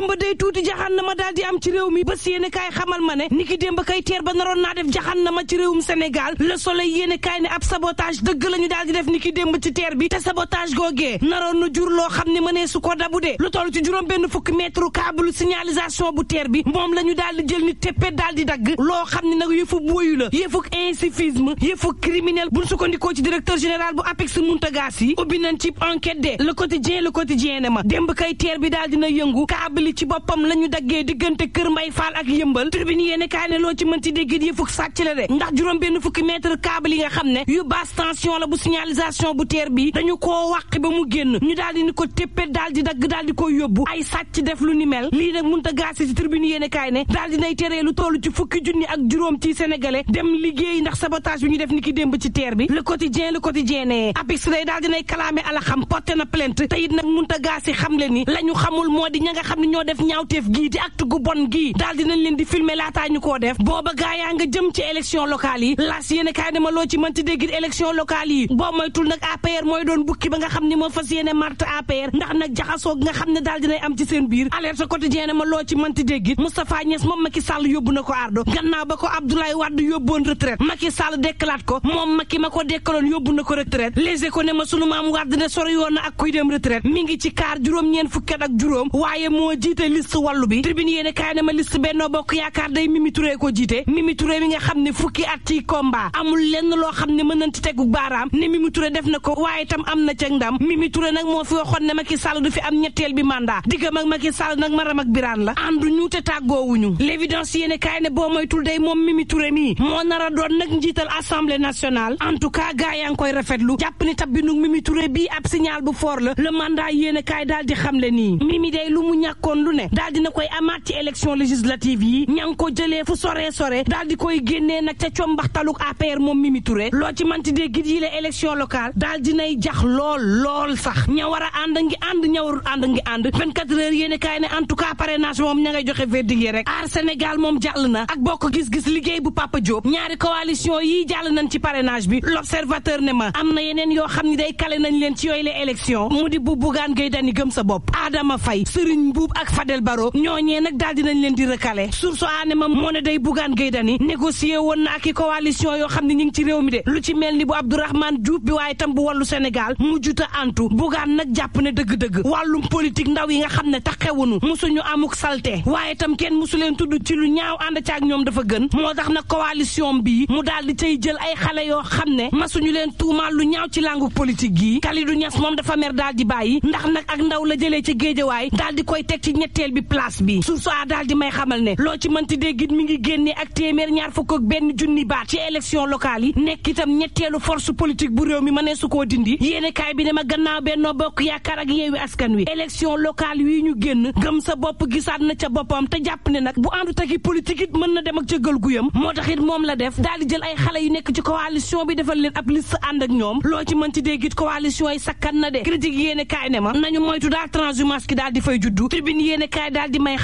démb day tuuti jaxannama daal di am ci réew mi bés yéene kaay xamal ma ne niki démb kay teer ba naroon naa def jaxannama ci réewum Sénégal le soleil yéene kaay ne ab sabotage dëgg la ñu daal di def niki démb ci teer bi te sabotage googee naroon na jur loo xam ne ma su ko dabu de lu toll ci juróom benn fukki mètre câble signalisation bu teer bi moom la ñu daal di jël ni teppe daal di dagg loo xam ni nag yëfu boyu la yëfu insuffisme yëfu criminel buñ sukkandikoo ci directeur bu APEX Mountaga Sy ubbi nañ ci ma démb kay teer bi daal dina yëngu câble li ci boppam la ñu daggee diggante kër Mbay Faal ak yëmbal tribune yéen ne loo ci mën ci déggit fukk sàcc la de ndax juróom benn fukki mètre câble yi nga xam ne yu basse tension la bu signalisation bu teer bi dañu koo wàq ba mu génn ñu daal di ni ko téppet daal di dagg daal di ko yóbbu ay sàcc def lu ni lii nag munta gaasi ci tribune yéen ne daal nay teree lu toll ci fukki junni ak juróom ci sénégalais dem liggéey ndax sabotage bi ñu def na plainte te it nag munta gaasi xam le ni lañu ñoo def ñaawteef gii di acte gu bon gii daal dinañ leen di filmer laataa ñu koo def booba gaa nga jëm ci élection locale yi laas yéene kaay dama loo ci mënti déggit élection locale yi boo moytul nag APR mooy doon bukki ba nga xam ni moo fas yéene marte nga xam ne daal dinay am ci seen biir alerte quotidien ma loo ci mënti déggit Moustapha Niass moom Macky Sall yóbbu na ko ardo gannaaw ba ko Abdoulaye Wade yóbboon retraite Macky Sall dekkalaat ko moom Macky ma ko dekkaloon yóbbu na ko jiite liste wàllu bi tribune yéene kaay na ma liste Benno Bokk Yaakaar day Mimi Touré ko jiite Mimi Touré mi nga xam ne fukki at ci combat amul lenn loo xam ne mën nañ ci tegu baaraam ne Mimi Touré def na ko waaye na ca ndam Mimi Touré nag moo fi waxoon a doon nag njiital assemblée nationale en tout cas gaa yaa ngi koy rafetlu jàpp ni tab nu Mimi Touré bii ab signal bu fort la le mandat yéene kaay daal di xamle nii waxoon dina koy amaat ci élection législative yi ña ngi ko jëlee fu sore sore daal di koy génnee nag ca combaxtaluk APR moom Mimi Touré loo ci manti dee gid yi la élection locale daal dinay jax lool lool sax ña war a ànd ngi ànd ña warul ànd ngi ànd 24 heures yéen kaay ne en tout cas parrainage moom ña ngay joxe verdict yi rek aar Sénégal moom jàll na ak bokk gis-gis liggéey bu Papa Diop ñaari coalition yi jàll nañ ci parrainage bi l'observateur ne ma am na yeneen yoo xam ne day kale nañ leen ci yooyu la élection mu di bu bugaan gay dani gëm sa bopp Adama Faye ak Fadel Barro ñooñee nag daal dinañ leen di recalé source aane ma moo ne day Bougane Gueye Dany négocié woon na ak i coalition yoo xam ne ñi ngi ci réew mi de lu ci mel ni bu Abdourahmane Diouf bi waaye tam bu wàllu Sénégal mujjuta antu Bougane nag jàpp ne dëgg-dëgg wàllum politique ndaw yi nga xam ne taxewunu musuñu amuk salte waaye tam kenn musu leen tudd ci lu ñaaw ànd ca ak ñoom dafa gën moo tax nag coalition bi mu daal di cay jël ay xale yoo xam ne masuñu leen tuumaal ñaaw ci langu politique gi Kalidou Niass moom dafa mer daal di bàyyi ndax nag ak ndaw la jëlee ci géejawaay daal di koy teg ñetteel bi place bi su saa daal di may xamal ne loo ci mënti déggit mi ngi génne ak téeméer ñaar fukk ak benn junni baat ci élection locale yi nekk itam ñetteelu force politique bu réew mi mënee su koo dindi yéene bi ne ma gannaaw Benno Bokk Yaakaar ak Yewwi Askan Wi élection locale yi ñu génn gëm sa bopp gisaat na ca boppam te jàpp ne nag bu àndu taki politique mën na dem ak ca gël guyam moo tax it moom la def daal di jël ay xale yu nekk ci coalition bi defal leen ab liste ànd ak ñoom loo ci mënti déggit coalition yi sakkan na de critique yéene kaay ne ma nañu moytu daal transhumance ki daal di fay juddu tribune yéen a kaay daal di may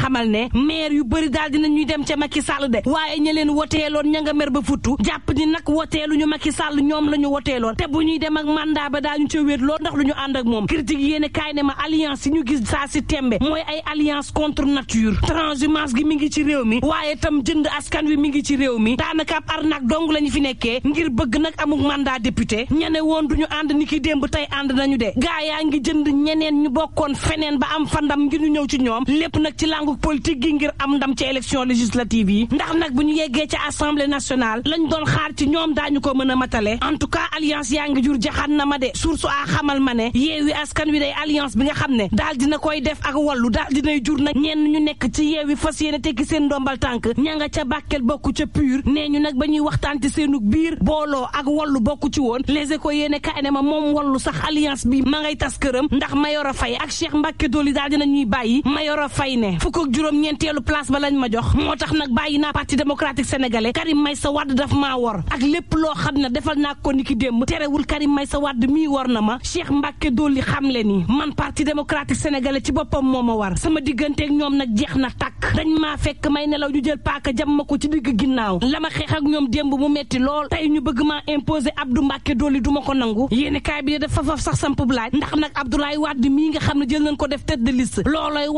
yu bëri daal dina ñuy dem ca Macky Sall de waaye ña leen woteeloon ña nga mer ba futtu jàpp ni nag woteelu ñu Macky Sall ñoom la ñu woteeloon te ñuy dem ak mandat ba daañu ca wéet lool ndax lu ñu ànd ak moom critique yéen a kaay ne ma alliance yi ñu gis saa si tembe mooy ay alliance contre nature transhumance gi mi ngi ci réew mi waaye tam jënd askan wi mi ngi ci réew mi daanaka ab arnaque dong la ñu fi nekkee ngir bëgg nag amuk mandat député ñene woon duñu ànd ni ki démb tey ànd nañu de gaa yaa ngi jënd ñeneen ñu bokkoon feneen ba am fandam ngir ñu ñëw ci ñoom lépp nag ci langu politique gi ngir am ndam ci élection législative yi ndax nag bu ñu yeggee ci assemblée nationale lañ doon xaar ci ñoom daañu ko mën a matale en tout cas alliance yaa ngi jur jaxan na ma de source a xamal ma ne yeewi askan wi dey alliance bi nga xam ne daal dina koy def ak wallu daal dinay jur na ñenn ñu nekk ci yeewi fas yéene tekki seen ndombal tànk ña nga ca Bakel bokk ca pur nee ñu nag ba ñuy waxtaan ci seenug biir booloo ak wallu bokk ci woon les échos yéene ka ma moom wallu sax alliance bi ma ngay tas këram ndax Mayoro Faye ak Cheikh Mbacké Dolly daal dina bàyyi Mayoro Faye ne fukk juróom-ñeenteelu place ba lañ ma jox moo tax nag bàyyi naa parti démocratique sénégalais Karim Meïssa Wade daf ma wor ak lépp loo xam ne defal naa ko niki démb terewul Karim sa wadd mii wor na ma Cheikh Mbacke Dolly xam le nii man parti démocratique sénégalais ci boppam moo ma war sama digganteeg ñoom nag jeex na tàkk dañ maa fekk may nelaw ñu jël paaka jam ma ko ci digg ginnaaw la ma xeex ak ñoom démb mu metti lool tey ñu bëgg maa imposer Abdou Mbacke Dolly du ma ko nangu yéeni kaay bi dafa faf sax sampub laaj ndax nag Abdoulaye Wade mii nga xam ne jël nañ ko def tête de liste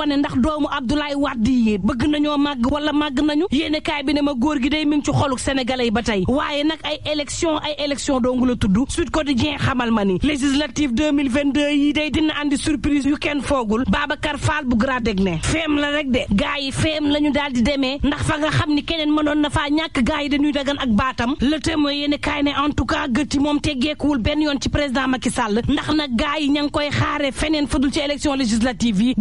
ne ndax doomu Abdoulaye Wade yi bëgg nañoo màgg wala màgg nañu yéene kaay bi ne ma góor gi day mi ngi ci xoluk sénégalais yi ba tey waaye nag ay élection ay élection dong la tudd Sud Quotidien xamal ma ni législative 2022 yi day dina andi surprise yu kenn foogul Babacar Fall bu Gradeg ne feem la rek de gaa yi feem la ñu daal ndax fa nga xam ni keneen mënoon na faa ñàkk gaa yi dañuy dagan ak baatam le témoin yéene kaay ne en tout cas gëtti moom teggeekuwul benn yoon ci président Macky Sall ndax nag gaa ña ngi koy xaare feneen fudul ci élection législative yi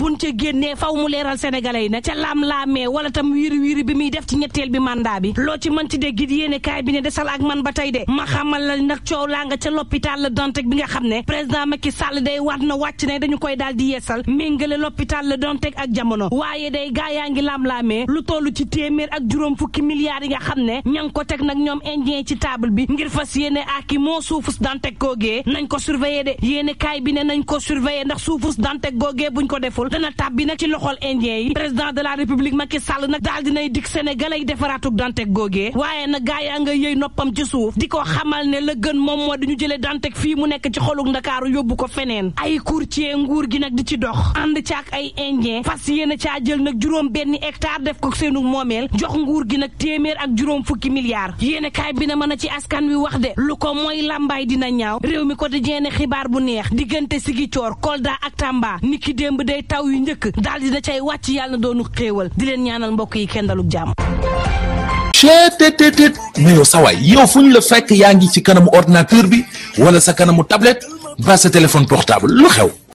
faw mu leeral sénégalais yi nag ca laam-laamee wala tam wiiri wiiri bi muy def ci ñetteel bi mandat bi loo ci man ci dégg yéene kaay bi ne desal ak man ba tey de ma xamal la ndax coow laa nga ca l'hôpital la Dantec bi nga xam ne président Macky Sall day waat na wàcc ne dañu koy daal di yeesal méngale l'hôpital Le Dantec ak jamono waaye day gaa yaa ngi laam-laamee lu toll ci téeméer ak juróom fukki milliards yi nga xam ne ña ngi ko teg nag ñoom indien ci taabal bi ngir fas yéene aki moo suufus Dantec googee nañ ko surveiller de yéene kaay bi ne nañ ko surveiller ndax suufus Dantec googee buñ ko deful dana tàbbi nag ci loxol indien yi président de la république Macky Sall nag daal dinay dig sénégalais yi defaraatuk Dantec googee waaye na gaa yaa nga yëy noppam ci suuf di ko xamal ne la gën moom moo di ñu jëlee Dantec fii mu nekk ci xoluk ndakaaru yóbbu ko feneen ay courtier nguur gi nag di ci dox ànd caak ay indien fas yéen caa jël nag juróom benn hectare def ko seenu moomeel jox nguur gi nag téeméer ak juróom fukki milliards yéene kaay bi na mën a ci askan wi wax de lu ko mooy làmbaay dina ñaaw réew mi quotidien xibaar bu neex diggante Ziguinchor Kolda ak Tamba niki démb day taw yu njëkk xaalis da cay wàcc yàlla na doonu xéewal di leen ñaanal mbokk yi kenn dalug yow sa la fekk yaa ngi ci kanamu ordinateur bi wala sa kanamu tablette ba sa téléphone portable lu xew